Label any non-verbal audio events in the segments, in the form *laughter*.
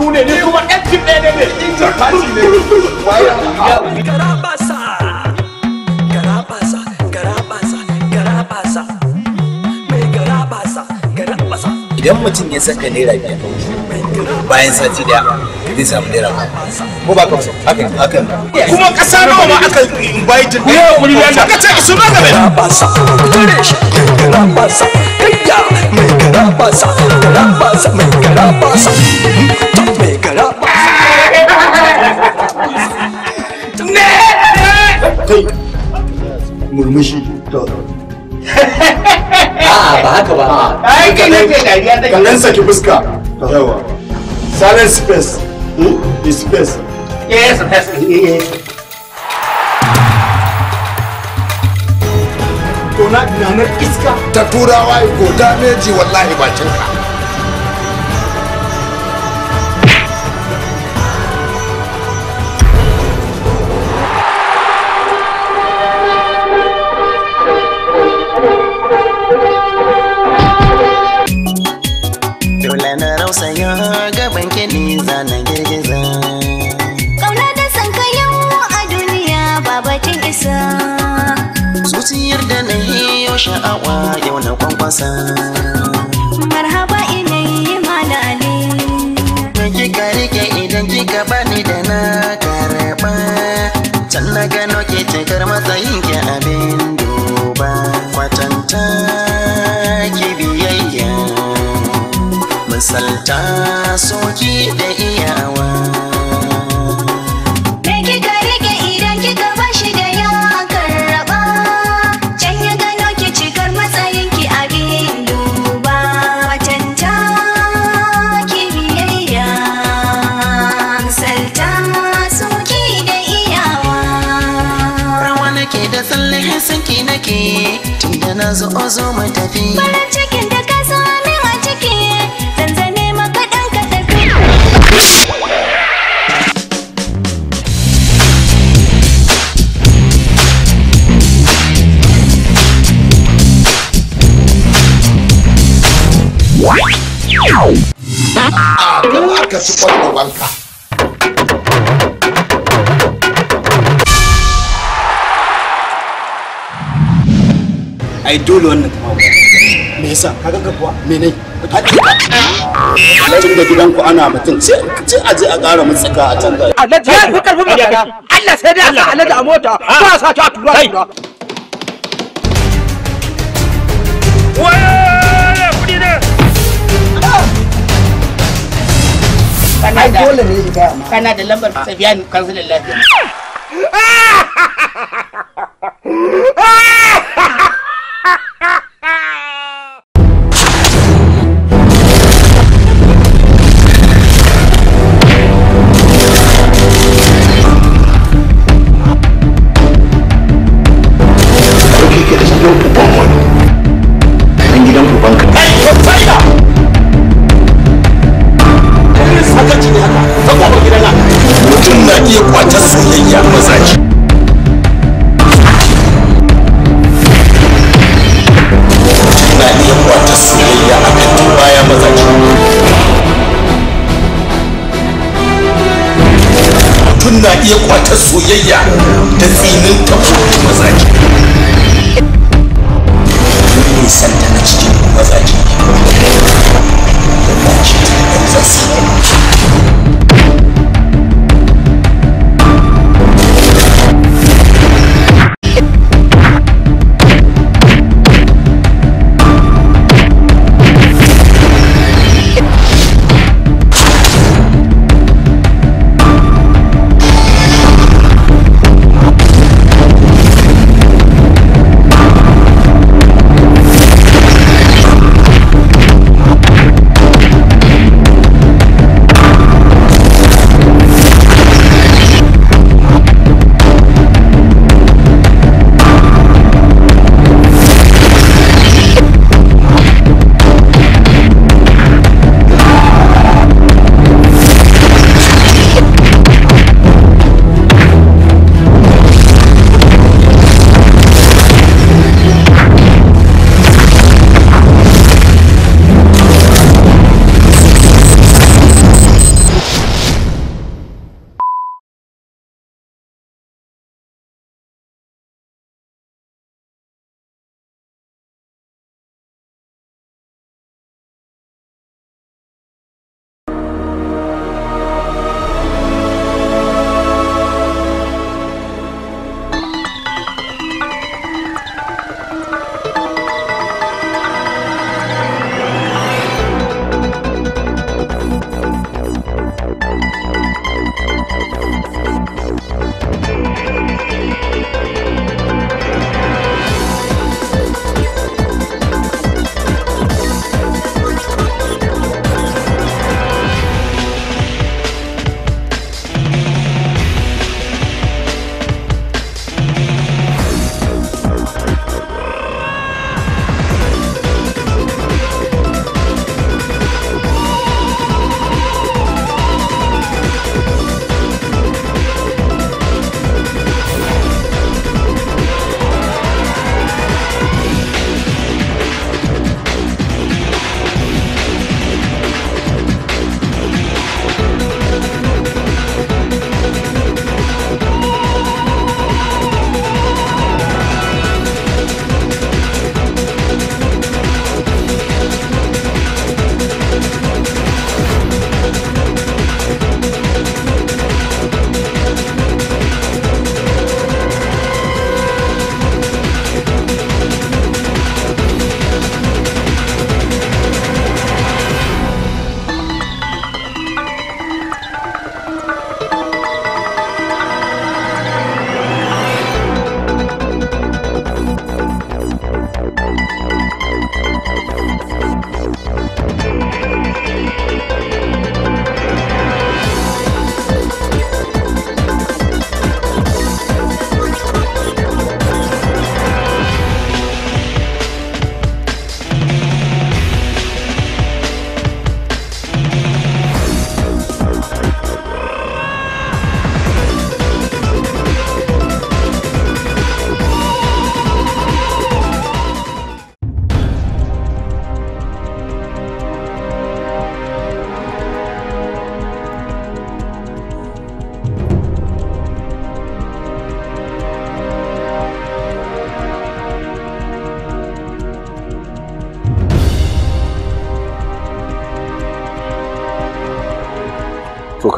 su ne ni kuma ɗaya ne ne ne idan mutum ya saka naira biyar bayan sati daya zai samu naira ko ba kamsa hakan hakan kuma kasa nawa ma aka bayi jin ya kuri ya ka a ba ga mai garabasa garabasa kayya mai ba kai murmushi to *laughs* a'a ba haka ba ai kai ne ke dariya take kallon saki fuska yawa silent space hmm? space yes space yes to na iska ta turawa ko ta meji wallahi ka wasa marhaba ina yi mana ali kika rike idan kika bani da na karaba can na gano ke cikar matsayin ke abin duba kwatanta ki biyayya misalta soki da iyawa na zo zo mu tafi farin cikin da ka zo min a ciki dan zane ka tafi Ah, su kwan ai dole wannan kuma me yasa ka ga kuwa me ne tun da gidanku ana mutum ce a je a ƙara mu tsaka a can da alhaji ya fi karfin magana Allah sai dai Allah alhaji a mota ah. ko a sa ta tura tura kana da dole ne ga da lafiya ah! *laughs* Ah! yeah, yeah.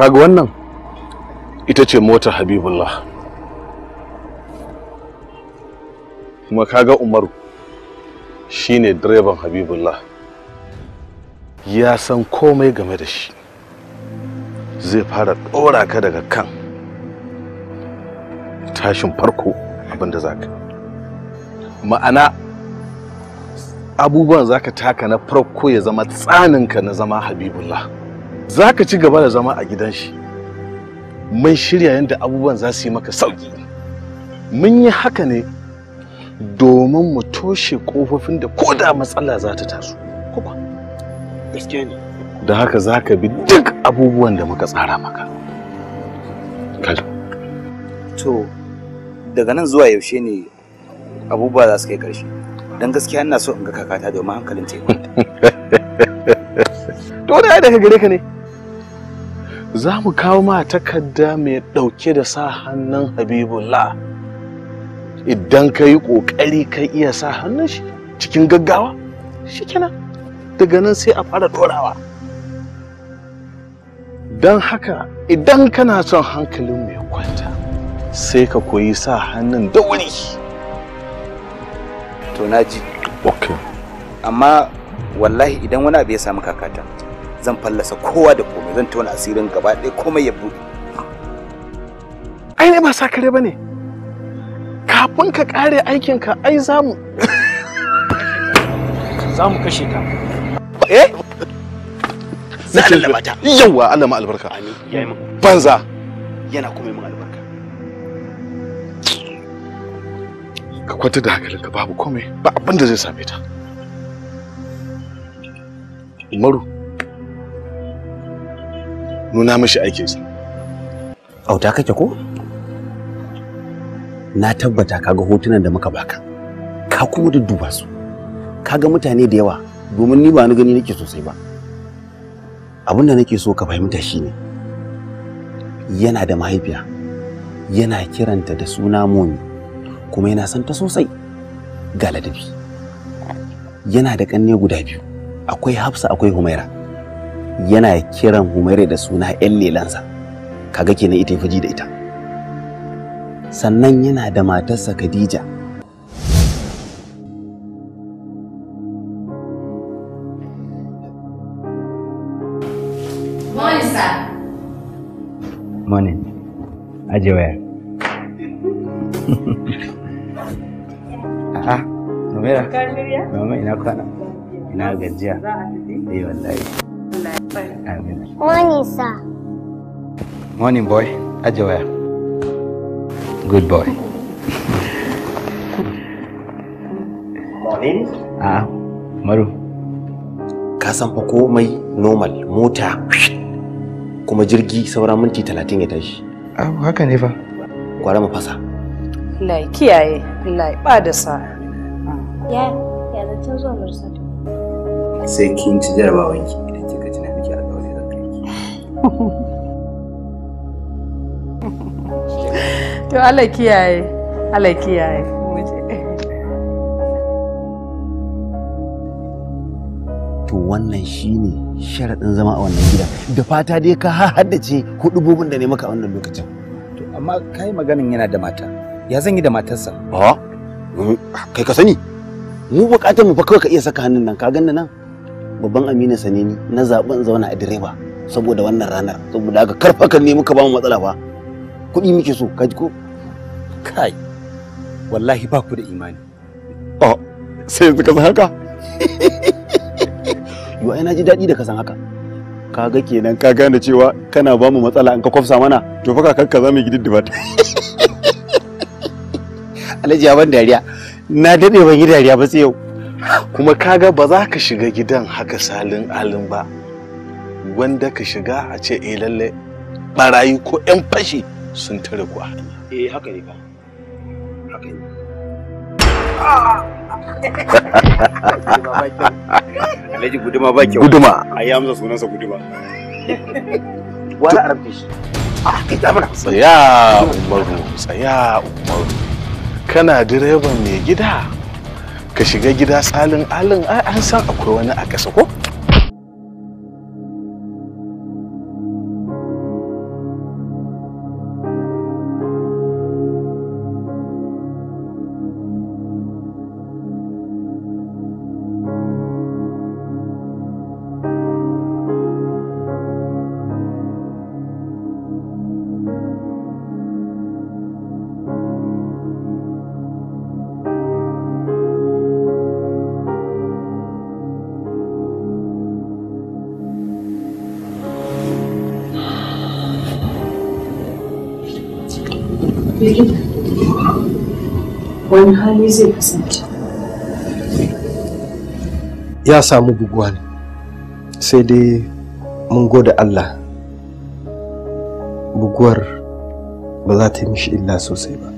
kaga wannan ita ce motar habibullah kuma kaga umaru shine direban habibullah ya san komai game da shi zai fara ɗora ka daga kan tashin farko abinda za ka ma'ana abubuwan za ka taka na farko ya zama tsaninka na zama habibullah za ka ci gaba da zama a gidan shi mun shirya yadda abubuwan za su yi maka sauki mun yi haka ne domin mu toshe kofofin da ko da matsala za ta taso da haka za ka bi duk abubuwan da muka tsara maka to daga nan zuwa yaushe ne abubuwa za su kai ƙarshe don gaskiya ina so in ga kakata domin hankalin ta yi dole ya *laughs* daga gare ka ne za mu kawo ma takarda mai ɗauke da sa hannun habibullah idan ka yi ƙoƙari ka iya sa hannun shi cikin gaggawa shi kenan daga nan sai a fara ɗorawa don haka idan kana son hankalin mai kwanta sai ka koyi sa hannun da wuri to na ji amma wallahi idan wani abu ya samu kakata zan fallasa kowa da komai zan tona asirin gaba ɗaya komai ya buɗe ai ne ba sa kare ba ne kafin ka kare aikinka ai za mu za mu kashe ka eh na lallaba ta yawa Allah ma albarka amin yayi banza yana kuma min albarka ka kwata da hankalinka babu komai ba abin da zai same ta Umaru nuna mishi aikinsa auta kake ko na tabbata kaga hotunan da muka baka ka kuma dudduba su kaga mutane da yawa domin ni ba ni gani nake sosai ba abin da nake so ka fahimta shine yana da mahaifiya yana kiranta da suna momi kuma yana san ta sosai ga ladabi yana da ƙanne guda biyu akwai hafsa akwai humaira yana kiran Humaira da suna ‘yan lelansa, kaga kenan ita ya ji da ita. Sannan yana da matarsa Khadija. Morning, Aje waya. *laughs* A'a, Humaira. Mama ina kwana. Ina gajiya. Eh wallahi. Morning, sir. Morning, boy. Ajoya. Good boy. Morning. Ah, Maru. Ka san fa komai normal mota kuma jirgi saura minti talatin ya tashi. Ah, haka ne fa. Kwara mu fasa. Lai, ya kiyaye, Lai, ya ba da sa. Ya, ya zancen zuwa Sai kin ci jarabawanki. to Allah kiyaye Allah kiyaye to wannan shine sharaɗin zama a wannan gida da fata dai ka haddace hudubobin da ne maka a wannan lokacin to amma kai maganin yana da mata ya zan yi da matarsa Ha? Mm, kai ka sani mu bukatar mu fa kawai ka iya saka hannun nan ka ganna nan babban amina sane ni na zaɓen zauna a direba saboda wannan ranar saboda haka karfa kan ne muka ba mu matsala ba kuɗi muke so kaji ko kai wallahi ba ku da imani oh sai yanzu ka san haka *laughs* yo ai na ji daɗi da ka san haka kaga kenan ka gane cewa kana ba mu matsala an ka kwafsa mana to fa ka kanka za mu gididdiba ta *laughs* alhaji ya ban dariya na daɗe ban yi dariya ba sai yau kuma kaga ba za ka shiga gidan haka salin alin ba wanda ka shiga a ce eh lalle barayi ko 'yan fashi sun tare ku a hanya eh haka ne ba haka ne Alhaji guduma ba kyau. Guduma. A yi amsa sunansa guduma. Wani arabi shi. Ah, tsaya Umaru, tsaya Umaru. Kana direban mai gida? Ka shiga gida salin alin an san akwai wani a ƙasa ko? wani hali zai kasance ya samu buguwa ne sai dai mun gode allah buguwar ba za ta yi mishi illa sosai ba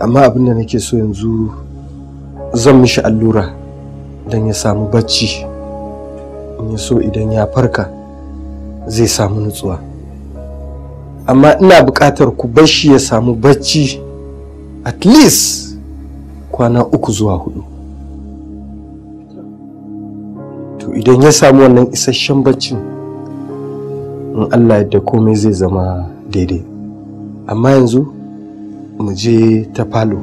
amma abin da nake so yanzu zan mishi allura don ya samu bacci in ya so idan ya farka zai samu nutsuwa amma ina buƙatar ku bashi ya samu bacci at least kwana uku zuwa hudu to idan ya samu wannan isasshen baccin in allah yadda komai zai zama daidai amma yanzu mu je ta falo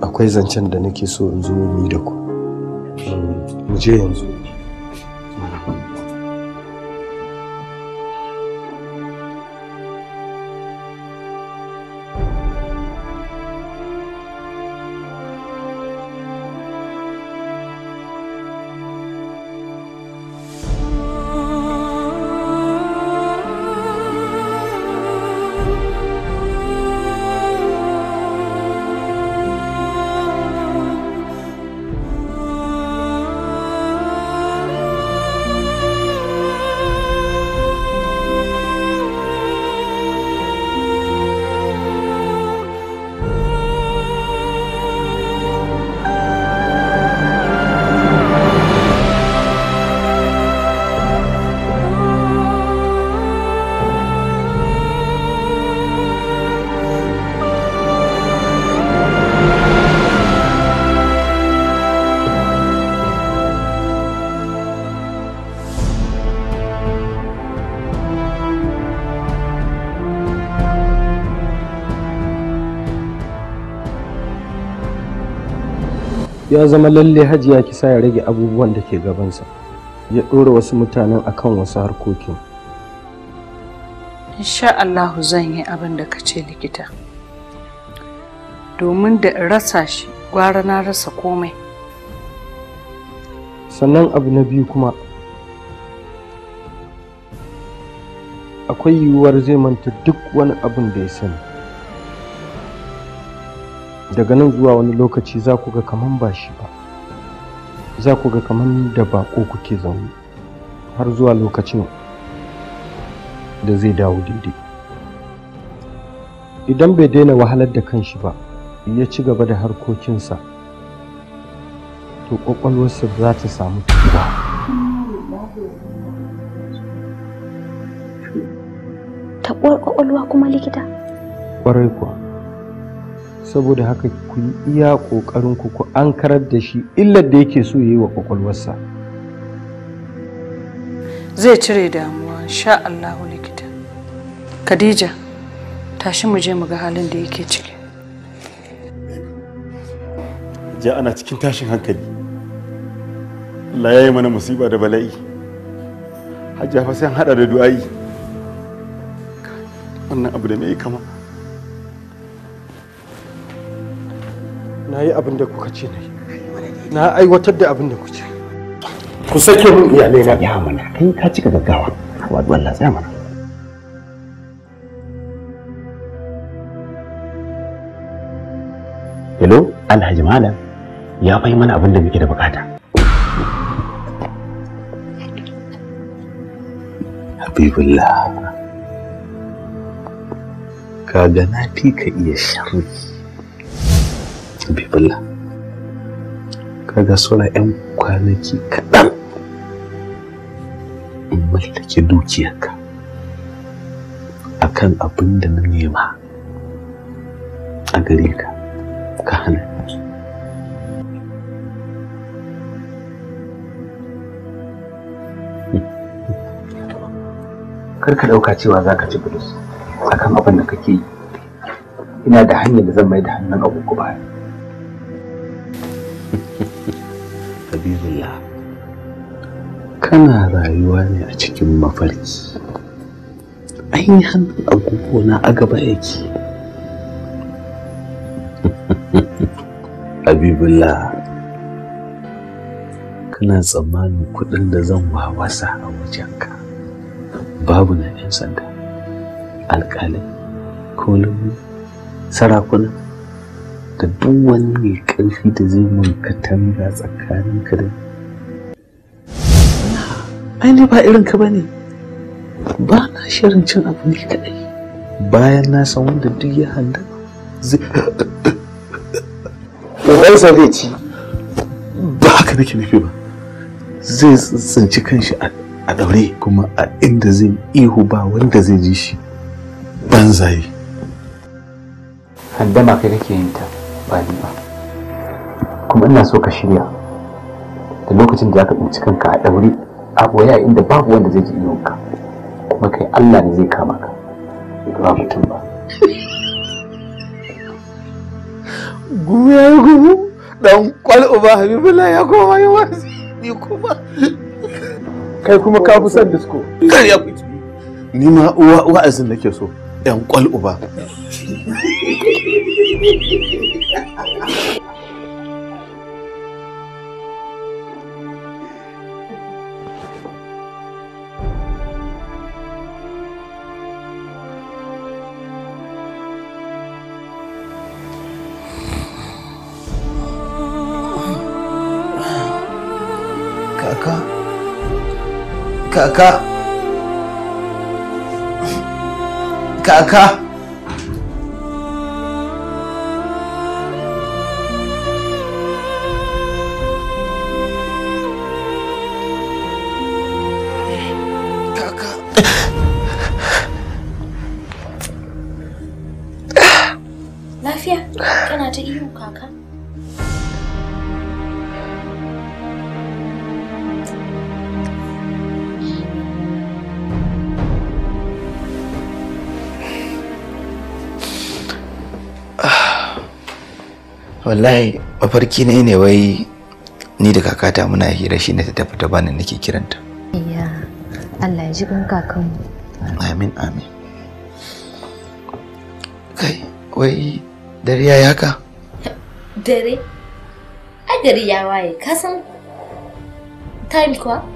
akwai zancen da nake so in zo ni da ku mm, mu je yanzu ya zama lalle hajiya kisa ya rage abubuwan da ke gabansa ya ɗora wasu mutanen akan wasu harkokin insha Allahu zan yi abin da ka ce likita domin da rasa shi gwara na rasa komai sannan abu na biyu kuma akwai yiwuwar zai manta duk wani abin da ya sani daga nan zuwa wani lokaci za ku ga kaman ba shi ba za ku ga kaman da ko kuke zaune har zuwa lokacin da zai dawo daidai idan bai daina wahalar da kanshi ba ya ci gaba da harkokinsa to kwakwalwarsa za ta samu tafiya taɓuwar ƙwaƙwalwa kuma likita ƙwarai kuwa saboda haka ku yi iya ƙoƙarin ku ku an karar da shi illar da yake so yi wa sa. zai cire damuwa sha Allahu likita Khadija tashi mu je mu ga halin da yake ciki ja ana cikin tashin hankali Allah ya yi mana musiba da bala'i Hajjafa sai an hada da du'ai wannan abu da mai kama na yi abin da kuka ce na yi na aiwatar da abin da kuka ce ku sake mun iyalai na ya mana kai ka cika gaggawa wa Allah tsaya mana hello Alhaji Malam ya bai mana abin da muke da bukata Habibullah ka ga na fi ka iya sharri bai bulla kaga suna yan kwanaki kaɗan in mallake dukiyarka akan abin da na nema a gare ka ka hana kar ka ɗauka cewa za ka ci bulus kan abin da kake yi ina da hanyar da zan mai da hannun ku baya kana rayuwa ne a cikin mafarki ainihin agogo na a gaba yake *laughs* abibula kana tsammanin kuɗin da zan wawasa a wajenka babu na 'yan sanda alkali kolomi sarakuna da duk wani mai ƙarfi da zai mun katanga tsakaninka da ai ni ba irin ka bane ba na shirin cin abu ne kadai bayan na san wanda duk ya handa zai zai ci ba haka nake nufi ba zai tsinci kanshi a daure kuma a inda zai ihu ba wanda zai ji shi banzaye haddama kai kake yin ta ba ni ba kuma ina so ka shirya da lokacin da aka tsinci kanka a daure a in inda babu wanda zai ji ka kuma kai Allah ne zai kama ka ba mutum ba gumi ya yi dan kwal uba la ya koma yi wasu ni kuma kai kuma ka fi son disco kai ya fi ni ma uwa wa'azin nake so yan kwal uba kaka kaka wallahi mafarki ne ne wai ni da kakata muna hira shi ne ta tafi ta bani nake kiranta iya Allah ya ji kan kakanmu amin amin kai wai dare ya haka dare ai dare ya waye ka san time kuwa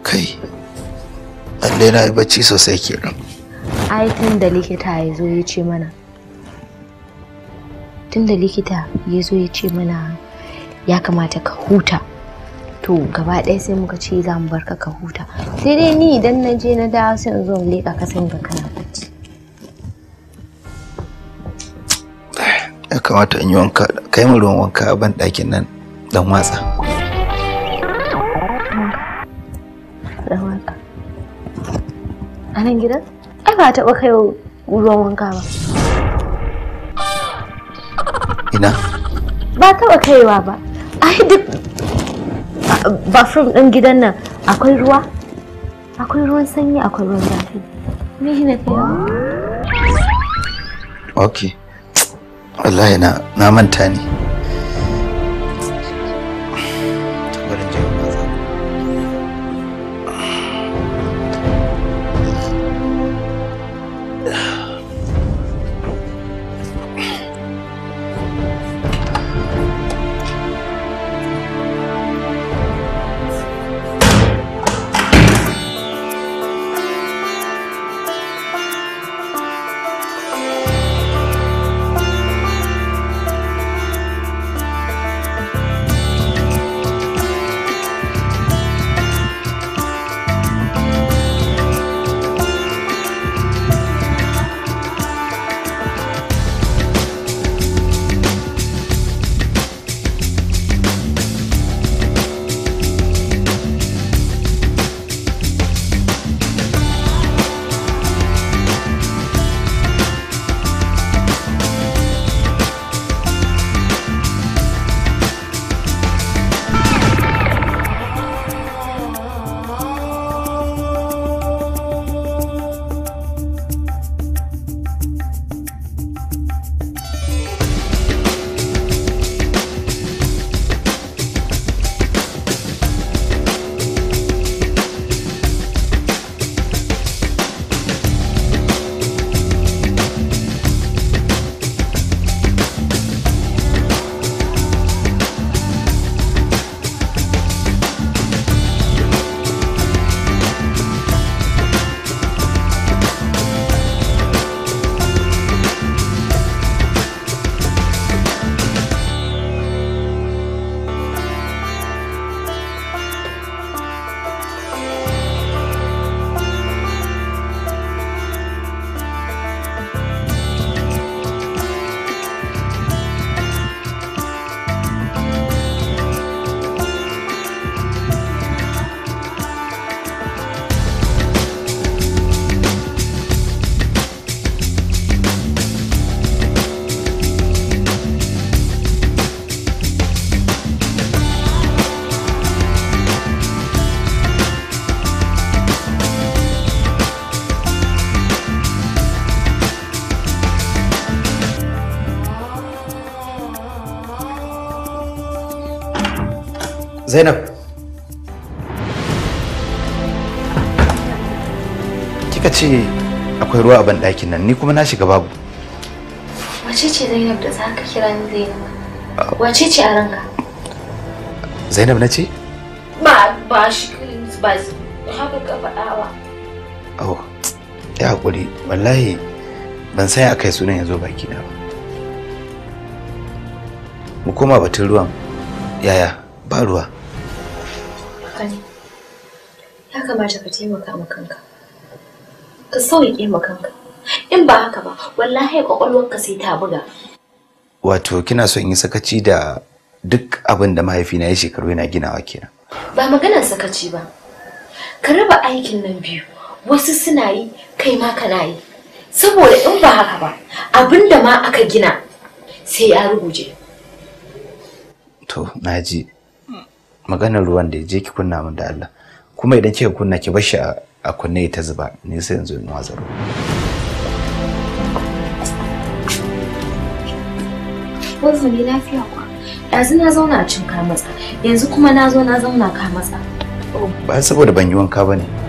kai Allah yana bacci sosai kenan ai tun da likita ya zo ya ce mana tun da likita ya zo ya ce mana ya kamata ka huta to gaba ɗaya sai muka ce za mu barka ka huta sai dai ni idan na je na dawo sai in zo in leƙa ka san ga kana bacci ya kamata in yi wanka kai mu ruwan wanka a ban ɗakin nan dan watsa dan watsa ai ba taɓa kai ruwan wanka ba ina ba taɓa kaiwa ba ai duk from ɗin gidan nan akwai ruwa akwai ruwan sanyi akwai ruwan zafi me shi na ok wallahi na manta ne akwai ruwa a ban ɗakin nan ni kuma na shiga babu wace ce zainab da za ka kira ni zainab wace ce a ranka zainab na ce ba ba shi ba haka ka faɗa ba oh ya haƙuri wallahi ban san a kai sunan ya zo baki na ba mu koma batun ruwan yaya ba ruwa ya kamata ka taimaka ma kanka sauke ma kanka in ba haka ba wallahi ka sai ta buga wato kina son in yi sakaci da duk abin da mahaifina ya shekaru yana ginawa kenan ba maganar sakaci ba ka raba aikin nan biyu wasu suna yi kai ma kana yi saboda in ba haka ba abin da ma aka gina sai ya ruguje to naji maganar ruwan da ya je ki kunna min da Allah kuma idan kika kunna ki bar shi a a kunne ta zuba ne sai yanzu in wazaro wanzu ne lafiya kwa yanzu na zauna a cin kamasa, yanzu kuma na zo na zauna ka ba saboda ban yi wanka ba ne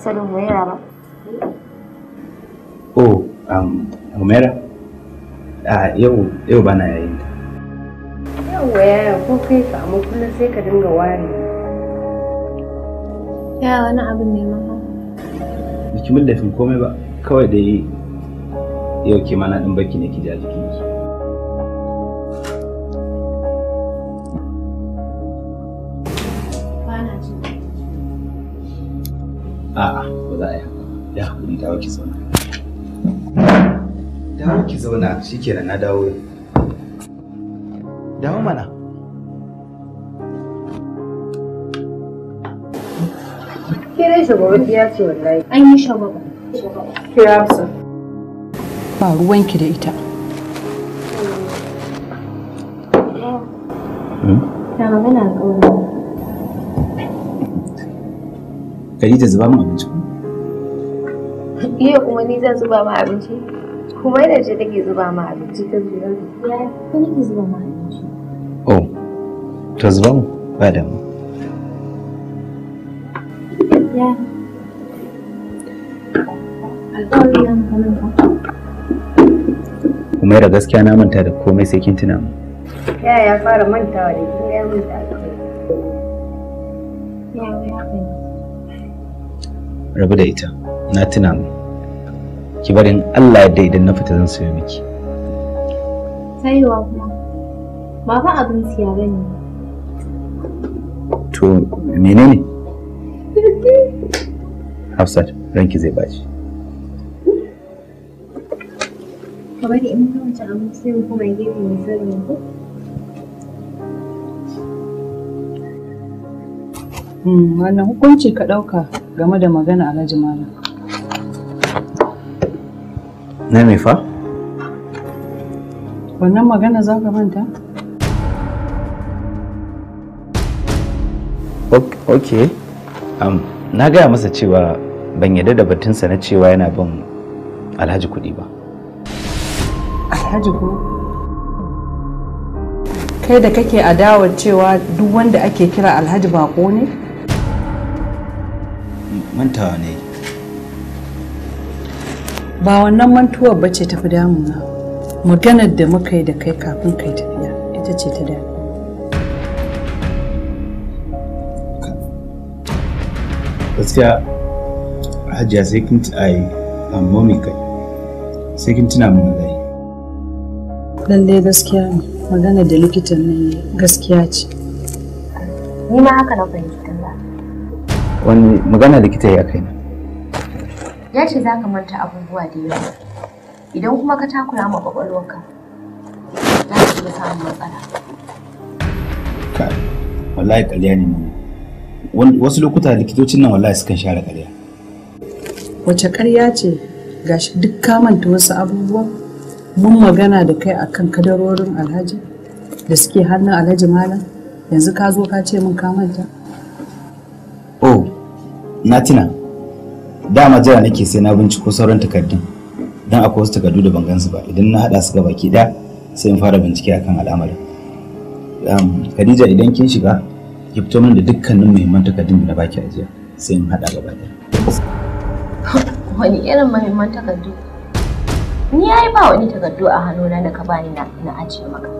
sanin Humaira ba. Oh, um, Humaira? Ah, yau, yau bana yayin ta. Yawwa yaya ko kai ka amma kullum sai ka dinga ware. yaya wani abin ne mama. Biki mun laifin komai ba, kawai dai yau ke mana ɗin baki ne ki ja jiki. dawo ki zauna dawo ki zauna shikenan na dawo dawo mana an yi ba ruwanki da ita ta hmm? a zuba min abinci. iya kuma ni zan zuba ma abinci kuma yana ce take zuba ma abinci ta zuba ya ni nake zuba ma abinci oh ta zuba mu ba da mu ya kuma da gaskiya na manta da komai sai kin tuna mu ya ya fara mantawa da kin ya manta rabu da ita na tuna mu ki barin Allah yadda idan na fita zan sayo miki sayowa kuma ba ba abin siya bane to menene Hafsat ranki zai baci ka bari in ka wancan abin sai mu koma gefe mai sirri ko hmm, wannan hukunci ka ɗauka game da magana a malam na mai fa wannan magana za ka manta ok um, na gaya masa cewa ban yadda da batunsa na cewa yana bin alhaji kuɗi ba alhaji ko kai da kake adawar cewa duk wanda ake kira alhaji bako ne mantawa ne ba wannan mantuwar ba ce tafi damuna maganar da muka yi da kai kafin kai tafiya ita ce ta dami gaskiya hajiya sai kin ci ai amma mai kai sai kin tuna mun dai lalle gaskiya ne magana da likitan nan gaskiya ce ni ma haka na fahimci tun ba wani magana likita ya kai na ya ce za ka manta abubuwa da yawa idan kuma ka takura ma kwakwalwarka za ka iya samun matsala wallahi ƙarya ne mun wasu lokuta likitocin nan wallahi sukan share ƙarya wace ƙarya ce gashi duk ka manta wasu abubuwa mun magana da kai akan kadarorin alhaji da suke hannun alhaji malam yanzu ka zo ka ce min ka manta oh na tuna dama jira nake sai na binciko sauran takardun don akwai wasu takardu da ban gansu ba idan na haɗa su ga baki ɗaya sai in fara bincike akan al'amarin Khadija idan kin shiga ki fito min da dukkanin muhimman takardun da na baki ajiya sai in haɗa gaba ɗaya wani irin muhimman takardu ni yayi ba wani takardu a hannuna da ka bani na na ajiye maka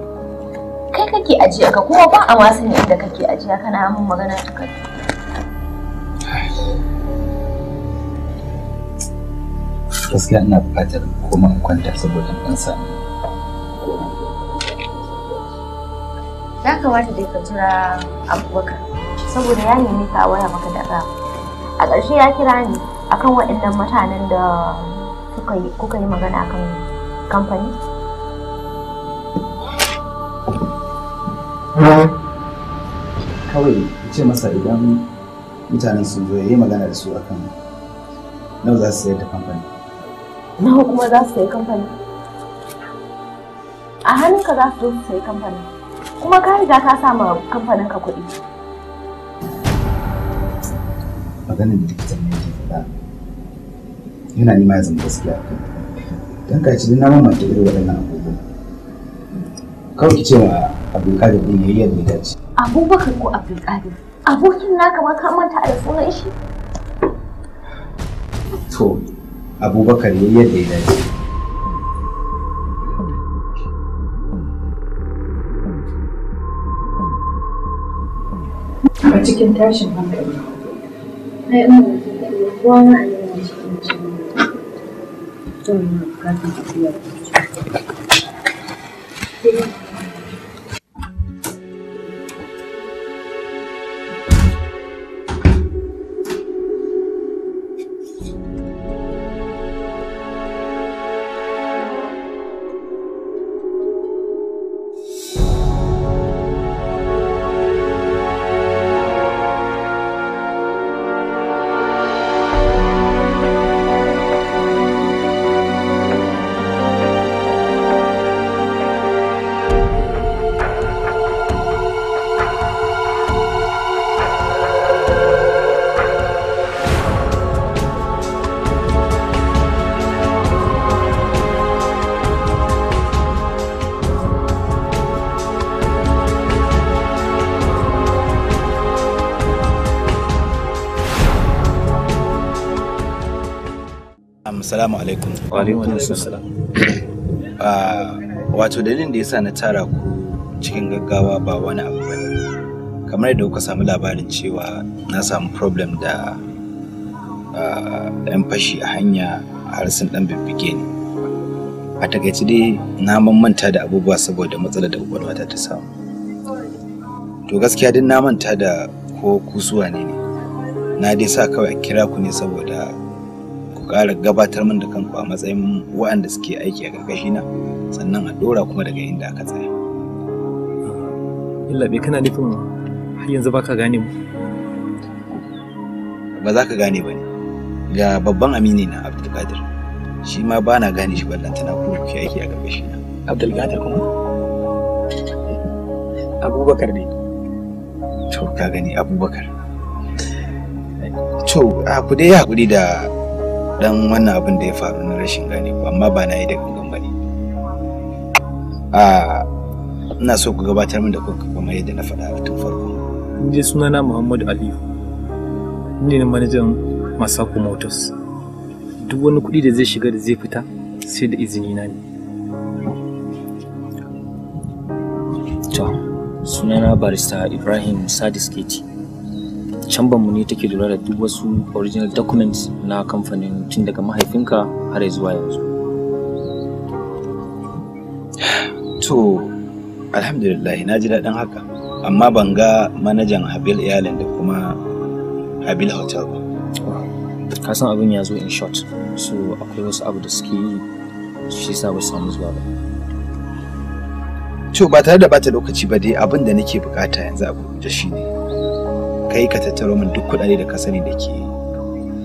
kai kake ajiya ka kuma ba a wasu ne inda kake ajiya kana mun magana takardu gaskiya ina buƙatar koma in kwanta saboda ɗan samu ya kamata dai ka jira abubakar saboda ya nemi ka waya maka da daga a ƙarshe ya kira ni akan waɗannan mutanen da kuka yi magana akan kamfani kawai ce masa idan mutanen sun zo ya yi magana da su akan nawa za su sayar da kamfani nawa kuma za su sayi kamfani a hannunka za su zo su sayi kamfanin kuma ka riga ka sama kamfanin ka kuɗi maganar da likitan ne ke faɗa yana nima ya zama gaskiya don ka ci na mamaki irin waɗannan abubuwa kawai ki cewa abdulkadir ɗin yayi yadda ya dace abubakar ko abdulkadir abokin naka ma ka manta a da sunan shi to abubakar ya yadda ya dace a cikin tashin hankali *clears throat* Ah, wato dalilin da yasa na tara ku cikin gaggawa ba wani abu ba kamar yadda kuka samu labarin cewa na samu problem da ɗan ah, fashi a hanya har sun ɗan bibbige ni a takaice dai na manta da abubuwa saboda matsalar da kwakwalwata ta samu to gaskiya duk na manta da ko kusuwa ne ne na dai sa kawai a kira ku ne saboda ƙara gabatar min da kanku a matsayin wa'anda suke aiki a ƙarƙashina sannan a ɗora kuma daga inda aka tsaya. bai kana nufin har yanzu baka gane mu? Ba za ka gane ba ne. Ga babban amini na Abdulkadir shi ma ba na gane shi tana ku kuke aiki a ƙarƙashina. Abdulkadir kuma? Abubakar ne. To ka gani Abubakar. To, ku dai haƙuri da dan wannan abin da ya faru na rashin gane ba amma ba na yi da gangan ba ne ah, ina so ku gabatar min da kanku kamar yadda na faɗa tun farko inji sunana Muhammadu Aliyu ni ne manajan Masako Motors duk wani kuɗi da zai shiga da zai fita sai da izini na ne to sunana barista Ibrahim Sadis Keti chamber mu ne take lura da duk wasu original documents na kamfanin tun daga mahaifinka har zuwa yanzu to alhamdulillah na ji daɗin haka amma ban ga manajan habil iyalin da kuma habil hotel ba ka san abin ya zo in short so akwai wasu abu da suke yi shi sa ba samu zuwa ba to ba tare da bata lokaci ba dai abin da nake bukata yanzu abu da shi ne kai ka tattaro min duk kuɗaɗe da ka sani da ke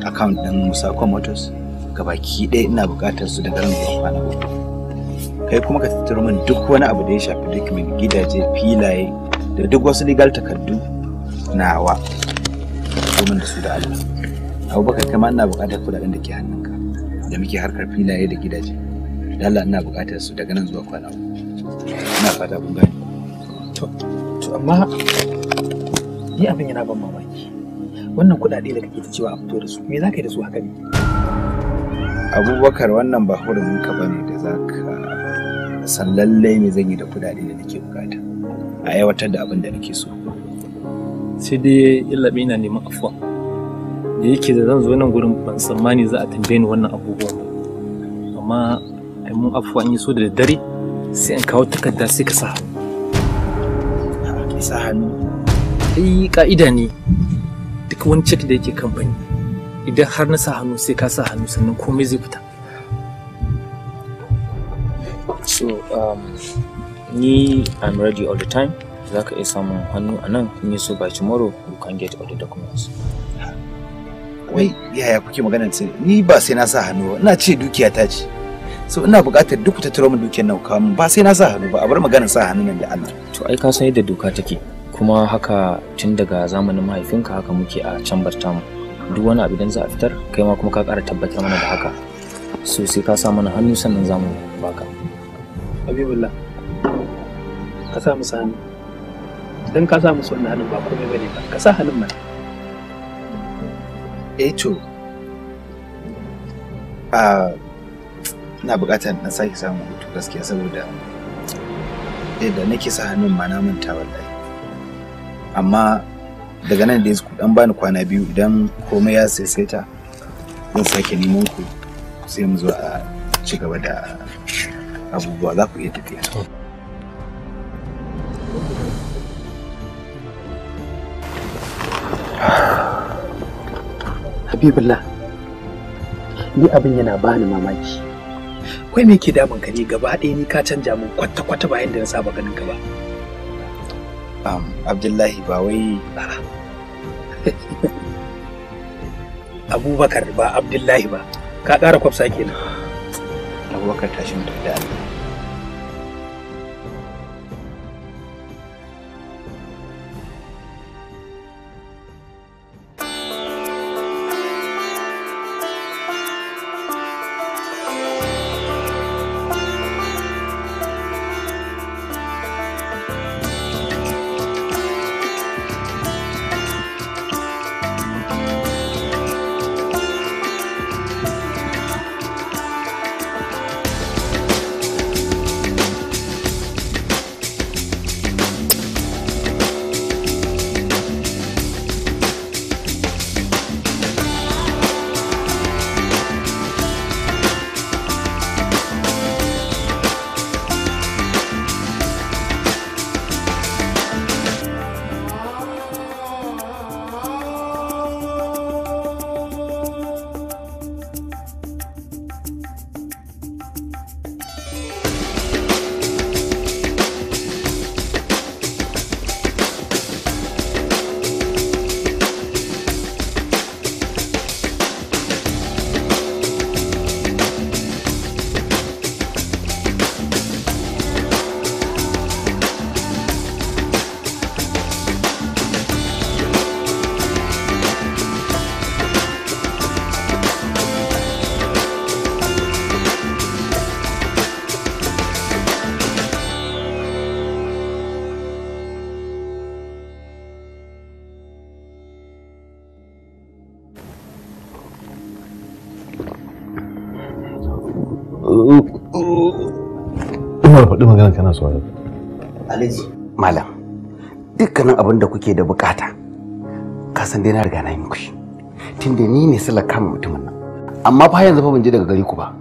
account ɗin Musako Motors baki ɗaya ina buƙatar su daga ran da kwana uku. Kai kuma ka tattaro min duk wani abu da ya shafi duk mai gidaje filaye da duk wasu legal takardu nawa domin da su da Allah. Abubakar ma ina buƙatar kuɗaɗen da ke hannunka da muke harkar filaye da gidaje. Da Allah ina buƙatar su daga nan zuwa kwana uku. Ina fata kun gani. To, to amma ni abin yana ban mamaki wannan kuɗaɗe da kake ta cewa a fito da su me za ka yi da su haka ne abubakar wannan ba hurumin ka bane da za ka san lallai me zan yi da kuɗaɗe da nake bukata a aiwatar da abin da nake so sai dai illaɓe na neman afuwa da yake da zan zo nan gurin ban tsammani za a tambaye ni wannan abubuwan ba amma ai mun afuwa in yi so da daddare sai in kawo takarda sai ka sa hannu sa hannu ai ka'ida ne duk wani cek da yake kamfani idan har na sa hannu sai ka sa hannu sannan komai zai fita so um, ni i'm ready all the time za ka iya samun hannu a nan in yi so by tomorrow you can get all the documents wai yaya kuke maganar ce ni ba sai na sa hannu ba ina ce dukiya ta ce so ina buƙatar duk ta turo min dukiyar nan ba sai na sa hannu ba a bar maganar sa hannu nan da Allah to ai ka san yadda doka take kuma haka tun daga zamanin mahaifinka haka muke a can bartamu duk wani abu idan za a fitar kai ma kuma ka kara tabbatar mana da haka so sai ka sa mana hannu sannan za mu baka habibullah ka sa musu hannu idan ka sa musu wannan hannun ba komai bane ba ka sa hannun mana eh to a na buƙatar na sake samun hutu gaskiya saboda yadda nake sa hannun ma na manta wallahi amma daga nan da ku dan bani kwana biyu idan komai ya saisaita zan sake neman ku sai mu zo a ci gaba da abubuwa za ku iya tafiya Habibullah, ni abin yana bani mamaki. Kwai me ke damun ka ne gaba ɗaya ni ka canja mun kwata-kwata bayan da na saba ganin ka ba. um, abdullahi ba wai *laughs* abubakar ba abdullahi ba ka ƙara kwafsa kenan abubakar tashin da Allah faɗi magana kana sauraro alhaji malam dukkanin abin da kuke da bukata ka san dai na riga na yi muku tunda ni ne sala kama mutumin nan amma fa yanzu fa ban je daga gari ku ba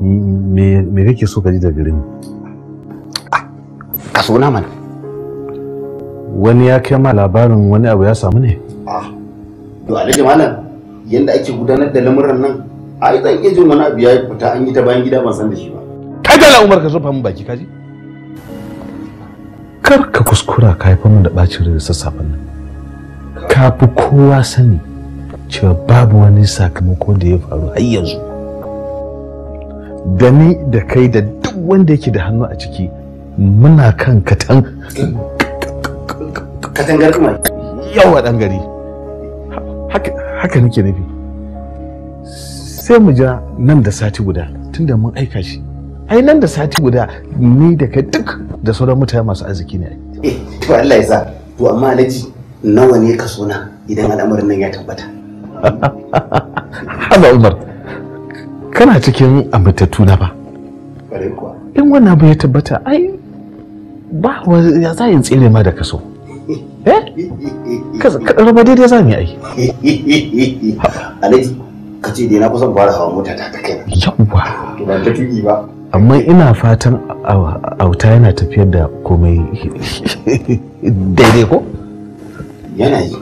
me me kake so ka ji daga garin ah, ka so na mana wani ya kai ma labarin wani abu ya samu ne ah to alhaji malam yanda ake gudanar da lamuran nan ai zan iya jin wani abu ya fita an yi ta bayan gida ban san da shi Allah umar ka mun baki kaji kar ka kuskura ka haifar mun da bacin rai da sassafen nan ka fi kowa sani cewa babu wani sakamako da ya faru har yanzu da ni da kai da duk wanda yake da hannu a ciki muna kan katan katangar kuma yawa dan gari haka nake nufi sai mu jira nan da sati guda tunda mun aika shi ai nan da sati guda ni da kai duk da sauran mutane masu arziki ne eh to Allah ya sa to amma alaji nawa ne ka sona idan al'amarin nan ya tabbata Allah Umar kana cikin amintattu na ba in wannan bai ya tabbata ai ba ya za yin tsire ma da kaso *laughs* eh raba daidai za mu yi ai alaji ka ce dai na kusan fara hawa mota ta kai yawwa to ban ta tuki ba amma ina fatan auta yana tafiyar da komai daidai ko yana yi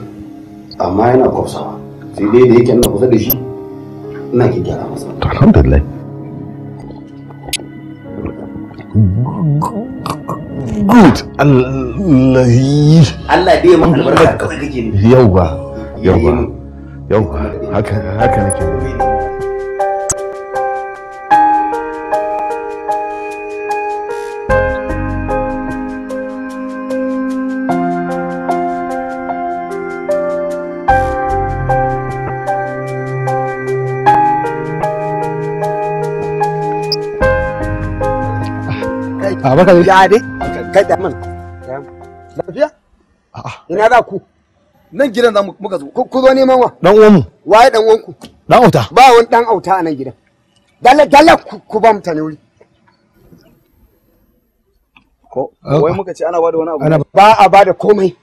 amma yana kwafsawa sai dai da yake na kusa da shi ina gyara masa alhamdulillah good Allah yi Allah dai mun albarka kawai kake ne yauwa yauwa yauwa haka haka nake a baka ya dai kai da man lafiya ina za ku nan gidan zamu muka zo ku zo neman wa dan uwanmu waye dan uwanku dan auta ba wani dan auta a nan gidan dalla dalla ku ba mutane wuri ko wai muka ce ana bada wani abu ba a bada komai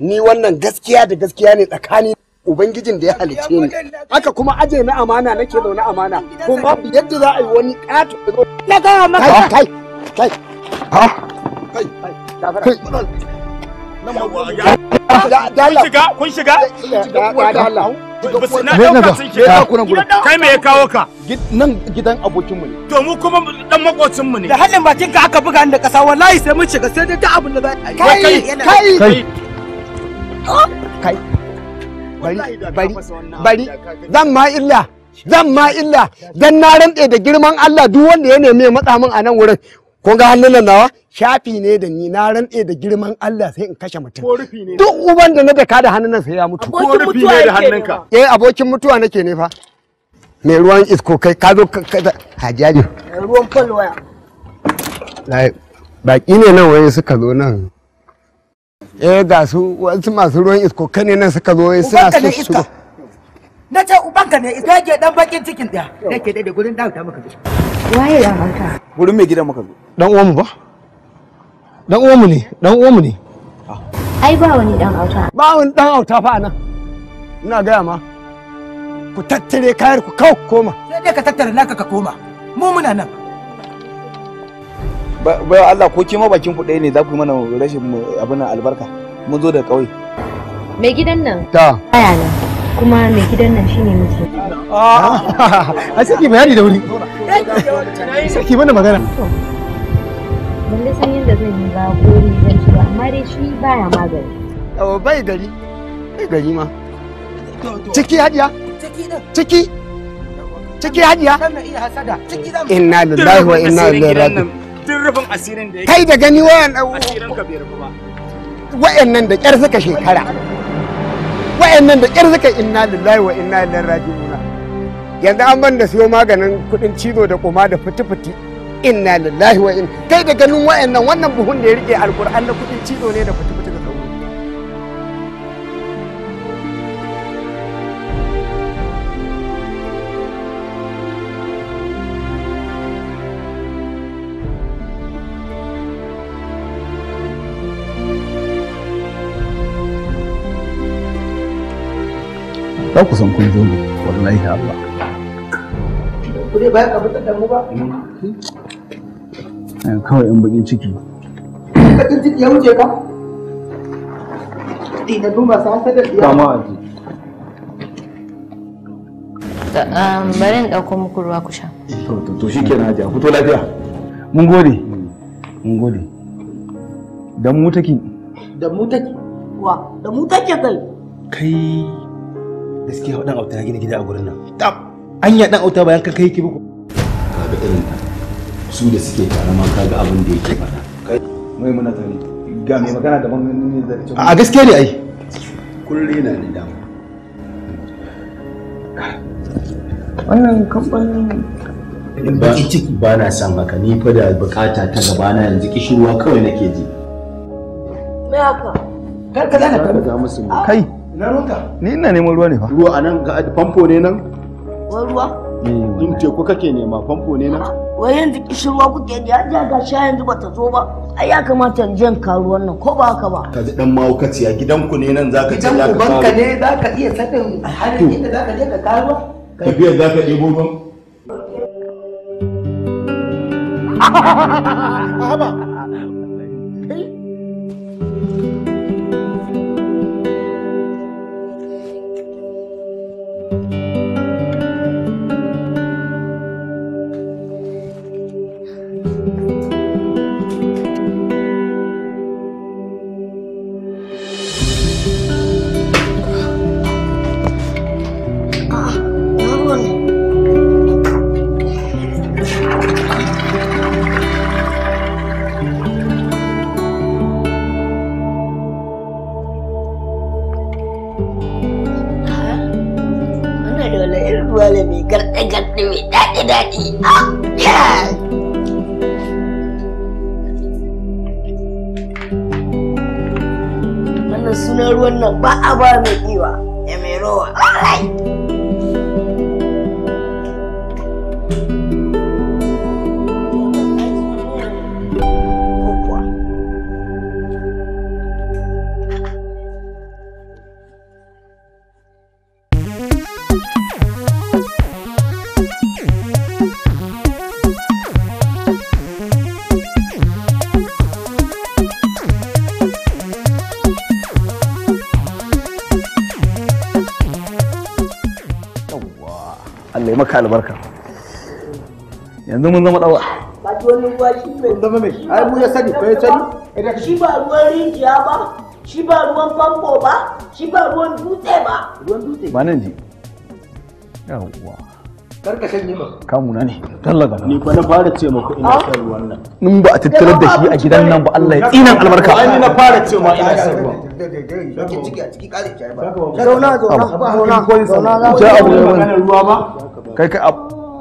ni wannan gaskiya da gaskiya ne tsakani ubangijin da ya halice ni haka kuma aje na amana nake da na amana kuma yadda za a yi wani ƙato na gaya maka kai kai ha kai me ya kawo ka nan gidan ne to mu kuma dan ne da halin bakin ka aka buga da kasa wallahi sai mun shiga sai dai ta abin da za kai kai oh! kai bari bari bari zan ma illa zan ma illa dan na rantse da girman Allah duk wanda ya neme matsa min a nan wurin kun ga hannun nan nawa shafi ne da ni na rantse da girman Allah sai in kashe mutum duk uban da na ka da hannun nan sai ya mutu ko rufi ne da hannunka eh abokin mutuwa nake ne fa mai ruwan isko kai ka zo hajaji ruwan falwaya baki ne nan wani suka zo nan eh ga su wasu masu ruwan isko kai ne nan suka zo suna su na ce ubanka ne iska yake dan bakin cikin da yake da gurin dawo ta maka waye ya haka gurin mai gidan muka zo dan uwanmu ba dan uwanmu ne dan uwanmu ne ai ba wani dan auta ba wani dan auta fa nan ina gaya ma ku tattare kayar ku kawo koma sai dai ka tattara naka ka koma mu muna nan ba Allah ko kima bakin ku ɗaya ne za ku yi mana rashin abin albarka mun zo da ƙauye mai gidan nan ta baya nan kuma mai gidan nan shine miji ah! *laughs* a sai ki bayani da wuri sai mana magana ban da san yadda zan yi ba ko ni zan ci ba amma dai shi baya magani oh bai gari bai gari ma ciki hadiya ciki ciki ciki hadiya inna lillahi wa inna ilaihi raji'un tun rufin asirin da kai da gani wayan wa'annan da kyar suka shekara wa'annan da kyar suka inna lillahi wa inna ilaihi raji'un yanzu an ban da siyo maganin kudin cizo da koma da fiti-fiti inna lillahi wa inna kai da ganin wa'annan wannan buhun da ya rike alkur'an na kudin cizo ne da fiti-fiti za ku san kun zo ne, wallahi Allah ku ba baya ka fitar da mu ba eh, kawai in bakin ciki bakin ciki ya wuce ka ina duma sa ta da kama aji um, bari in ɗauko muku ruwa ku sha eh, to shi kenan hajiya fito lafiya mun gode mun gode dan mu take Dan mu take wa Dan mu take kai kai gaskiya dan auta gina gida a gurin nan tab anya dan auta bayan kan kai yake buku ga irin ta su da suke ma ka ga abin da yake faɗa kai mai muna tare ga mai magana da ban ne da a gaskiya ne ai kullu yana da dama wannan kamfanin ba ciki ba na san haka ni fa da bukata ta gaba na yanzu kishiruwa kawai nake ji me haka kar ka zaka kai Ina ruwanka? Ni ina neman ruwa ne fa. Ruwa a nan ga famfo ne nan? Wani ruwa? Eh, in teku kake nema famfo ne nan? Wai yanzu kishirwa kuke ji hajiya ga sha yanzu bata zo ba. Ai ya kamata in jan in karu wannan ko ba haka ba. Ka ji dan mahaukaciya gidanku ne nan za ka je ya ka karu. Gidan ubanka ne ka iya sanin halin inda ka je ka karu. Ka biya ka ɗebo ban. *laughs* Haba. daɗi. Wannan sunan ruwan nan ba a ba mai iwa, ya mai rowa. saka albarka yanzu mun zama dawa ba ji wani ruwa shi bai zama mai ai mu ya sani ko ya sani shi ba ruwan rijiya ba shi ba ruwan famfo ba shi ba ruwan dutse ba ruwan dutse ba nan ji yawwa Karka shan yi ba. Kamuna ne, tallaga. Ni fa na fara ce maka ina In ba a tattalar da shi a gidan nan ba Allah ya tsinan albarka. Ai na fara ce ma ina shan ruwan. Kai kai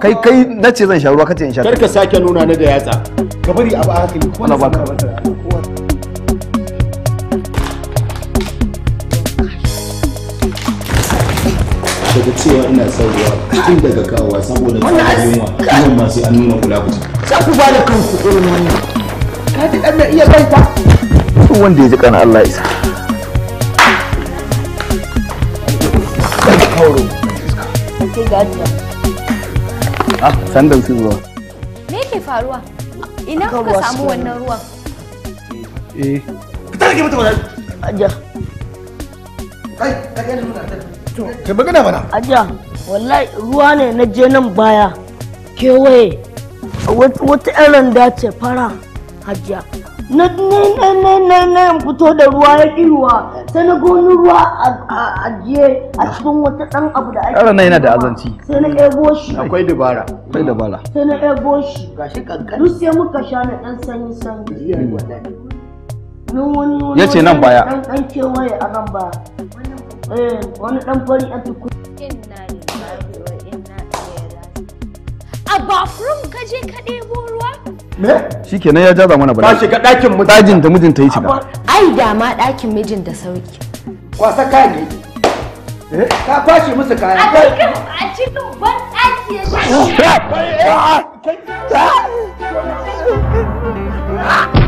kai kai na ce zan sha ruwa kace in sha. Karka sake nuna ni da yatsa. Ka bari abu a hankali. Wala baka. daga cewa ina son ruwa tun daga kawowa saboda tsarin yunwa masu an nuna kula ku Za ku ba da kanku irin wannan. Ka ji ɗan iya baita. Duk wanda ya ji kana Allah isa. Ah, sandan su ruwa. Me yake faruwa? Ina kuka samu wannan ruwan? Eh. Fitar da ke mata magana. Ajiya. Kai, ka kai da muna tattara. to kai magana mana ajiya wallahi ruwa ne na je nan baya kewaye wata yan randa ce fara hajiya na ne ne na na fito da ruwa ya ƙi ruwa sai na goni ruwa a ajiye a cikin wata ɗan abu da ake ƙara na yana da azanci sai na ebo shi akwai dabara akwai dubara. sai na ebo shi gashi kankan duk sai muka sha na ɗan sanyi sanyi ya ce nan baya ɗan kewaye a nan baya eh wani dan fari a a bathroom ka je ka ɗebo ruwa me shikenan ya jaza mana bala ta shiga ɗakin mijinta da ya shiga ai da ma ɗakin mijin da sauki kwasa kaya ne eh, ka kwashe musu kaya a cikin ban ɗaki ya Ah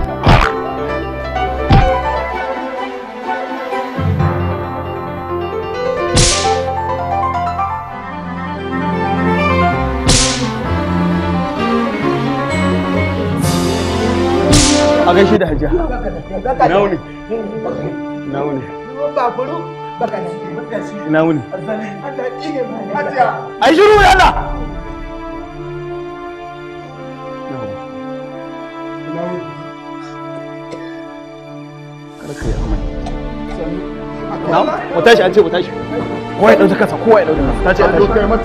gaishe da hajiya na wuni na wuni na wuni ai shiru ya Allah karka amai na tashi an ce mu tashi kowa ya kasa kowa ya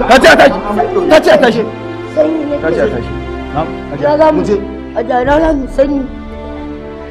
kasa ta a tashi ta a tashi ta a tashi ta a tashi na mu je a sani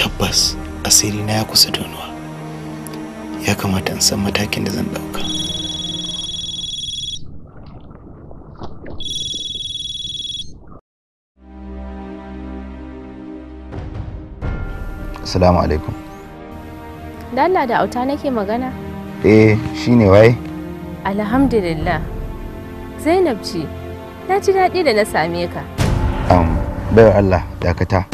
tabbas asiri na ya kusa donuwa ya kamata in san matakin da zan ɗauka Assalamu alaikum. Dalla da auta nake magana? Eh, shine wai? Alhamdulillah. Zainab ce, na ji daɗi da na same ka. Am, bayar Allah, dakata.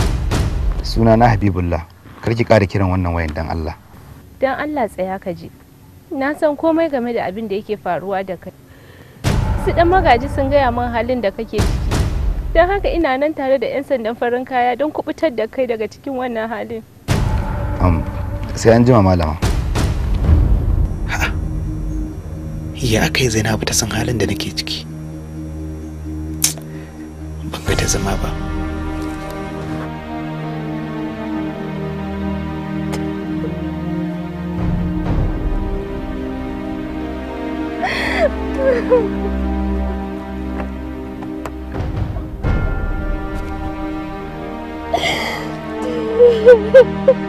suna na habibullah karki kara kiran wannan wayan dan allah dan allah tsaya ka ji na san komai game da abin da yake faruwa da kai su dan magaji sun gaya min halin da kake ciki don haka ina nan tare da 'yan sandan farin kaya don kubutar da kai daga cikin wannan halin sai an jima malama ya kai zainabu ta san halin da nake ciki ban ga ta zama ba Ha ha ha.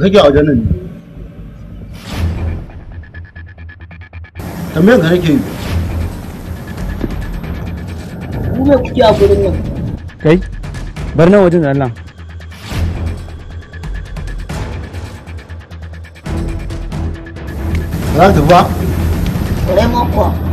da kake a ne tambayan yi kuma kuke a gurin nan kai bar nan wajen za ta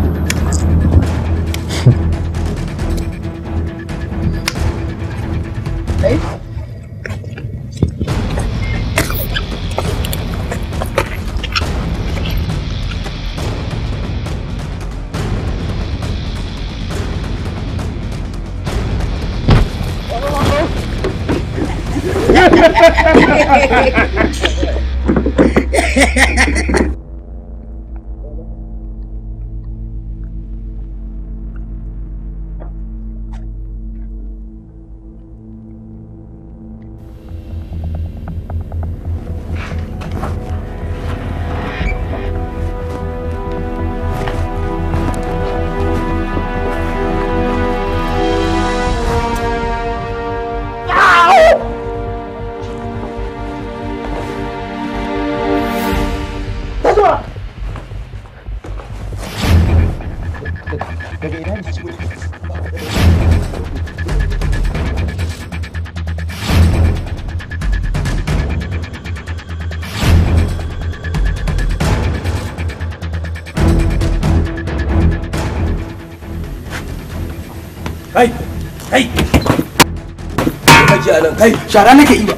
kai shara nake iya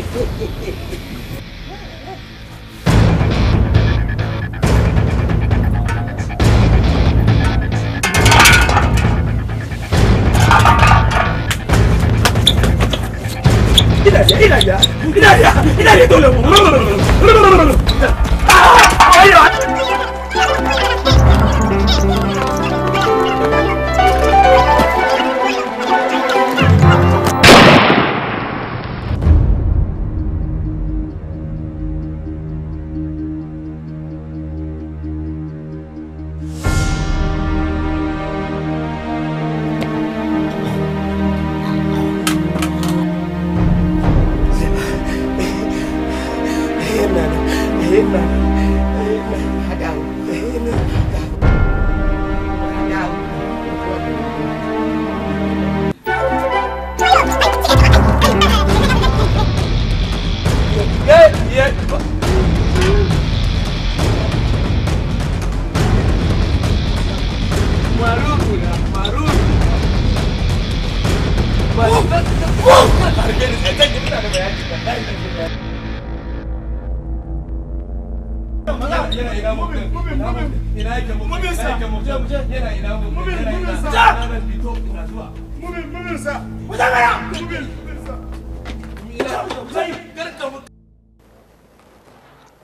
*laughs*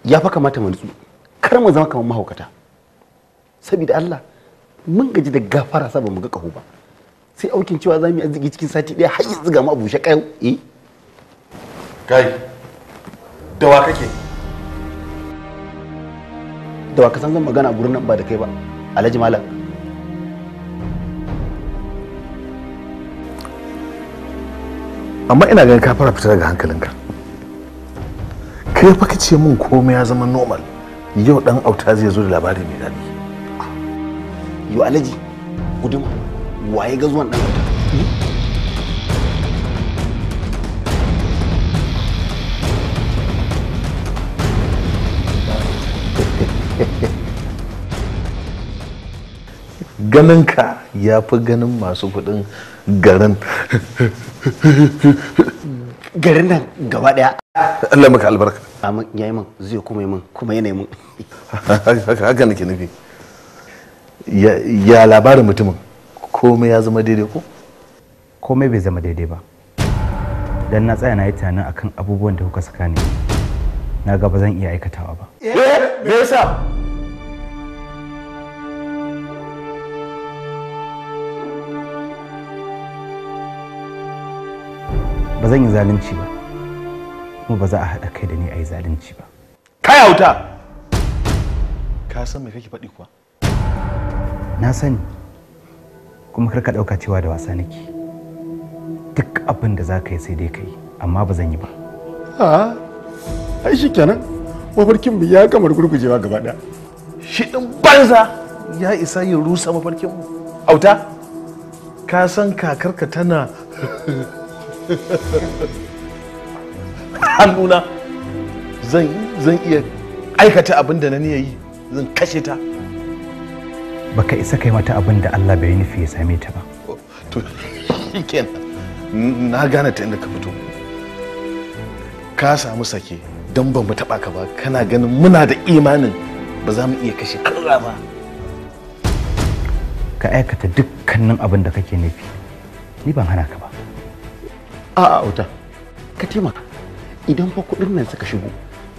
ya fa kamata mu nutsu kar mu zama kamar mahaukata saboda Allah mun gaji da gafara saboda ba mu ga kaho ba sai aukin cewa za mu yi arziki cikin sati daya har yanzu ga mu abu shakayau eh kai da kake da ba ka san zan magana a gurin nan ba da kai ba alhaji malam amma ina ganin ka fara fita daga hankalinka kai fa ce min komai ya zama normal yau dan auta zai zo da labari mai daɗi yo alhaji gudun waye ga zuwan dan auta ganin ka ya fi ganin masu kuɗin garin garin nan gaba daya Allah maka albarka amin yi min zai kuma yi min kuma yana yi min haka nake nufi ya labarin mutumin komai ya zama daidai ko komai bai zama daidai ba dan na tsaya na yi tunanin akan abubuwan da kuka saka ne na gaba zan iya aikatawa ba eh me yasa ba zan yi zalunci ba kuma ba za a haɗa kai da ni a yi zalunci ba kai wuta ka san me kake faɗi kuwa na sani kuma kar ka ɗauka cewa da wasa nake duk abin da za ka yi sai dai ka yi amma ba zan yi ba a ai shi kenan mafarkin mu ya kamar gurgujewa gaba ɗaya shi ɗin banza ya isa ya rusa mafarkin mu auta ka san kakarka tana *laughs* *laughs* hannuna zan zan iya aikata abin da na niyya yi zan kashe ta baka isa kai mata abin da Allah bai nufi ya same ta ba oh, to na gane ta inda ka fito ka samu sake don ban mu taba ka ba kana ganin muna da imanin ba za mu iya kashe Allah ba ka aikata dukkanin abin da kake nufi ni ban hana ka ba a'a auta ka taimaka idan fa kudin nan suka shigo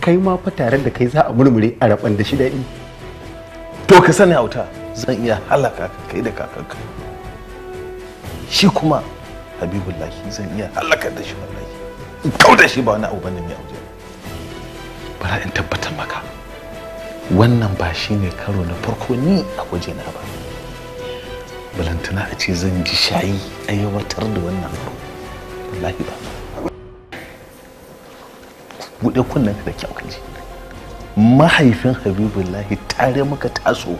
kai ma fa tare da kai za a murmure a raban da shi daɗi to ka sani auta zan iya halaka kai da kakanka shi kuma habibullahi zan iya halaka da shi wallahi in kau da shi ba wani abu bane mai ba. bara in tabbatar maka wannan ba shi ne karo na farko ni a waje na ba balantana a ce zan ji shayi aiwatar da wannan abu wallahi ba buɗe kunnen ka da kyau ka mahaifin habibullahi tare maka taso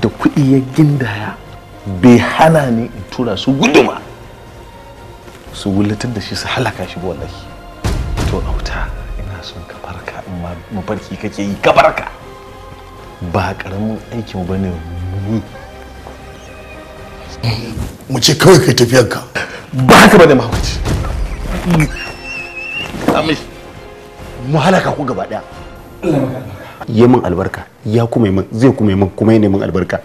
da kuɗi ya gindaya bai hana ni in tura su guduma su wulatar da shi su halaka shi ba wallahi to auta ina son ka farka in ma mafarki kake yi ka farka ba karamin aikin bane mu mu ce kawai kai tafiyarka ba haka bane mahaukaci amish mu halaka ku gaba daya yi min albarka ya kuma min zai kuma min kuma yi min albarka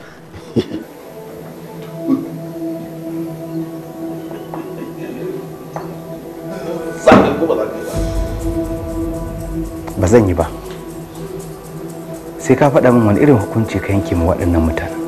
ba zan yi ba sai ka faɗa min wani irin hukunci ka yanke ma waɗannan mutanen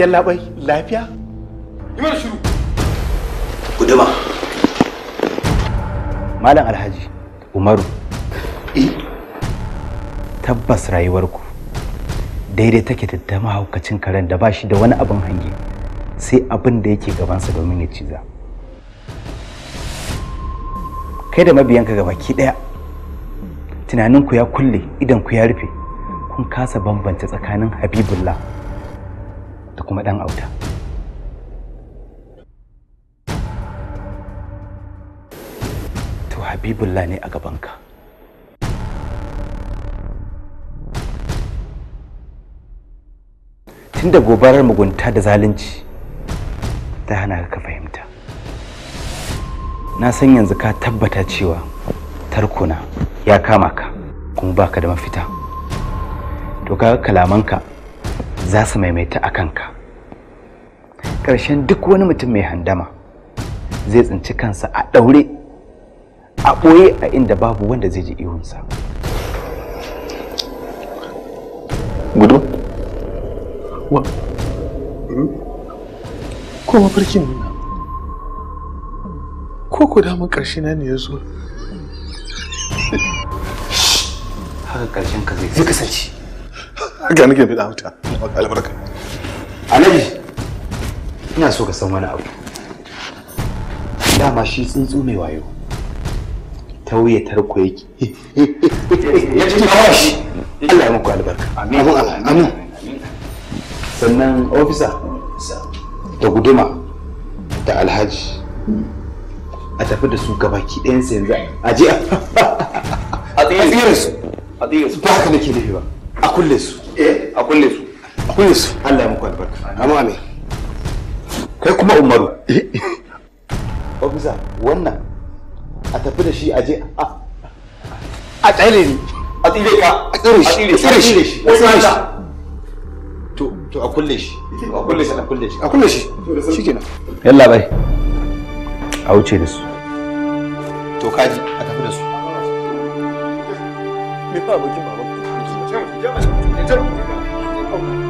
yalla bai lafiya yi mana shiru malam alhaji umaru eh tabbas rayuwarku daidai take da mahaukacin karen da ba shi da wani abin hange sai abin da yake gabansa domin ya ciza kai da mabiyanka ga baki daya tunaninku ya kulle idan ku ya rufe kun kasa bambanta tsakanin habibullah da kuma ɗan auta. To Habibullah ne a gabanka. Tunda gobarar mugunta da zalunci ta hana ka fahimta. Na san yanzu ka tabbata cewa tarkona ya kama ka kuma baka da mafita. To ka kalamanka za su maimaita a kanka ƙarshen duk wani mutum mai handama zai tsinci kansa a ɗaure a ɓoye a inda babu wanda zai ji ihunsa gudu wa hmm? ko mafarkin nuna ko ku damar ƙarshe na ne ya zo haka ƙarshen ka zai kasance haka nake fida mata albarka annabi ina so ka san wani abu dama shi tsuntsu mai wayo tauye tarko yake ya ji kawo Allah ya muku albarka amin amin sannan ofisa da guduma da alhaji a tafi da su gabaki ɗayansu yanzu a je a tsira su ba haka nake nufi ba a kulle su eh a kulle su a kulle su Allah ya muku albarka amma kai kuma umaru eh. ofisa wannan a tafi da shi a je a tsare ni a tsire ka a tsire shi a tsire shi a tsire shi to to a kulle shi a kulle shi a kulle shi a kulle shi shikenan yalla bai a wuce da su to kaji a tafi da su me fa bakin baban ku 是。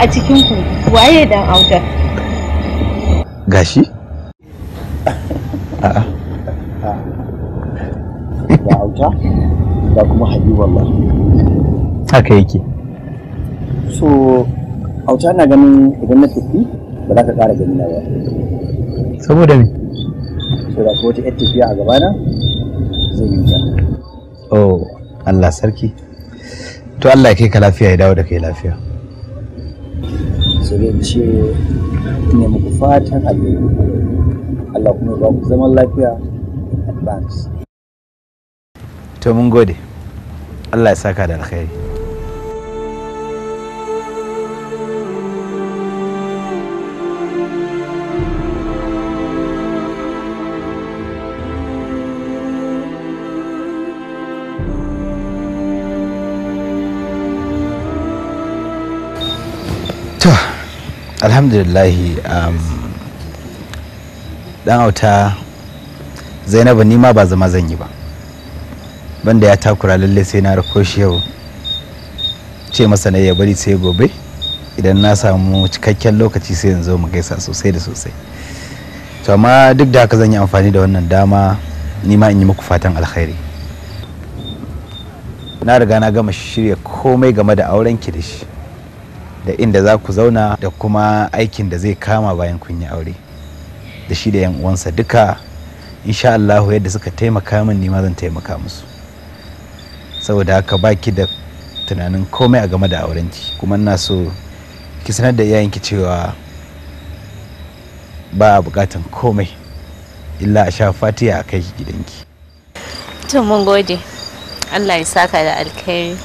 a cikin ku waye dan autar gashi a'a da auta da kuma habiballah haka yake so auta na ganin idan na tafi ba za ka ƙara gani na ba saboda me so da wata yar tafiya a gabana zai yi ta oh Allah sarki to Allah ya kai ka lafiya ya dawo da kai lafiya zuriyar ce ne muku fatan alheri Allah kuma ba ku zaman lafiya in advance to mun gode Allah ya saka da alkhairi alhamdulillahi um, dan auta zainabu ni ma ba zama zan yi ba banda ya takura lalle sai na rako shi yau ce masa na ya bari sai gobe idan na samu cikakken lokaci sai yanzu mu gaisa sosai da sosai to amma duk da haka zan yi amfani da wannan dama ni ma in yi muku fatan alkhairi na riga na gama shirya komai game da auren ki da shi da inda za ku zauna da kuma aikin da zai kama bayan kun yi aure da shi da yan uwansa duka insha Allah yadda suka taimaka min nima zan taimaka musu saboda haka baki da tunanin komai a game da aurenki kuma ina so ki sanar da iyayenki cewa ba a bukatan komai illa a sha fatiya a kai gidanki to gode Allah ya saka da alkhairi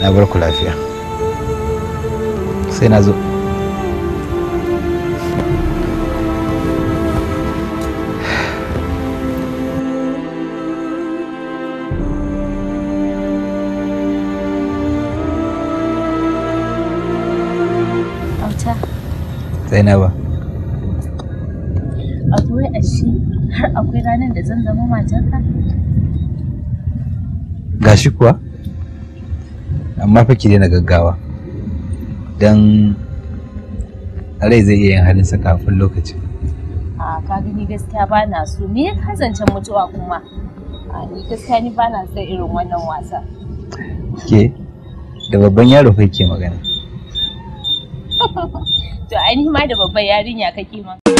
na bar lafiya sai na zo Zainaba. Akwai ashe har akwai ranar da zan zama matarka? Gashi kuwa? Amma fa ki daina gaggawa. don rai zai iya yin halin sa kafin lokacin a ka gani gaskiya ba na so me ya kasance mutuwa kuma a ni gaskiya ni ba na son irin wannan wasa ke da babban yaro kai ke magana *laughs* to ainihi ma da babban yarinya kake magana